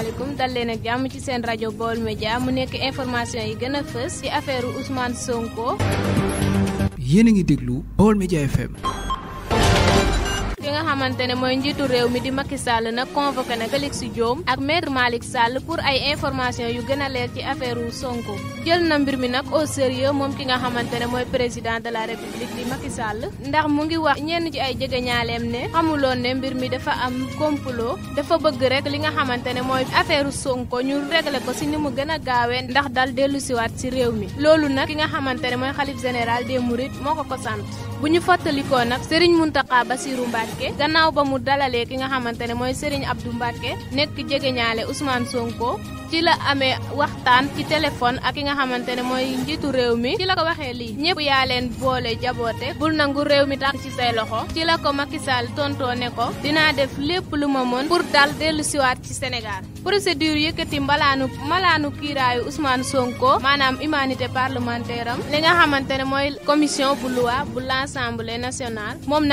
asalaamaaleykum dal leen ak jàmm ci seen rajo Baol Média mu nekk information yi gën a fës ci affaire Ousmane Sonko. yéen a ngi déglu Baol Média FM. ki nga xamante ne mooy njiitu réew mi di Macky Sall nag convoqué na Félix Diome ak maître Malick Sall pour ay information yu gën a leer ci affaire wu Sonko jël na mbir mi nag au sérieux moom ki nga xamante ne mooy président de la république di Macky Sall ndax mu ngi wax ñenn ci ay jegeñaaleem ne xamuloon ne mbir mi dafa am complot dafa bëgg rek li nga xamante ne mooy affaire Sonko ñu réglé ko si ni mu gën a gaawee ndax dal dellu siwaat si réew mi loolu nag ki nga xamante ne mooy xalif général des Mourides moo ko ko sant bu ñu fàttalikoo nag Serigne Mountakha Bassirou Mbacke gannaaw ba mu dalalee ki nga xamante ne mooy Serigne Abdou Mbacke nekk jegeñaale Ousmane Sonko ci la amee waxtaan ci téléphone ak ki nga xamante ne mooy njiitu réew mi ci la ko waxee lii ñëpp yaa leen boole jaboote bul nangu réew mi tax ci say loxo ci la ko Macky Sall tontoo ne ko dinaa def lépp lu ma mën pour dal dellu siwaat ci Sénégal procédure yëkkati mbalaanu malaanu kiiraayu usmaan Sonko maanaam immunité parlementaire am li nga xamante ne mooy commission bu loi bu l'Assemblée nationale moom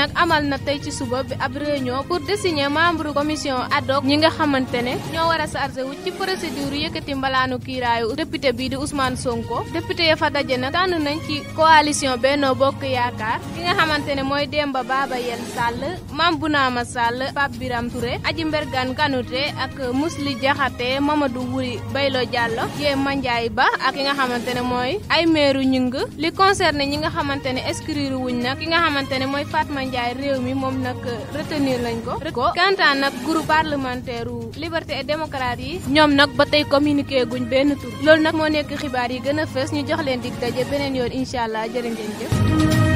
bopp bi ab réunion pour désigner membre commission ad hoc ñi nga xamante ne ñoo war a chargé wu ci procédure yëkkati mbalaanu kiiraayu député bii di Ousmane Sonko député ya fa daje nag tànn nañ ci coalition Benno Bokk Yaakaar ki nga xamante ne mooy Demba Baba Yel Sall Mame Bounama Sall Pape Biram Touré Aji Mbergane Kanouté ak Mously Diakhaté Mamadou Wuri Baylo Diallo Yee Mandiaye Ba ak ki nga xamante ne mooy ay meeru ñing li concerné ñi nga xamante ne inscrire wuñ na ki nga xamante ne mooy Fatma Ndiaye réew mi moom nag retenir lañ ko ko kantaan nag groupe parlementaire u liberté et démocrate yi ñoom nag ba tey communiqué guñ benn tur loolu nag moo nekk xibaar yi gën a fës ñu jox leen dig daje beneen yoon incha allah jërë jëf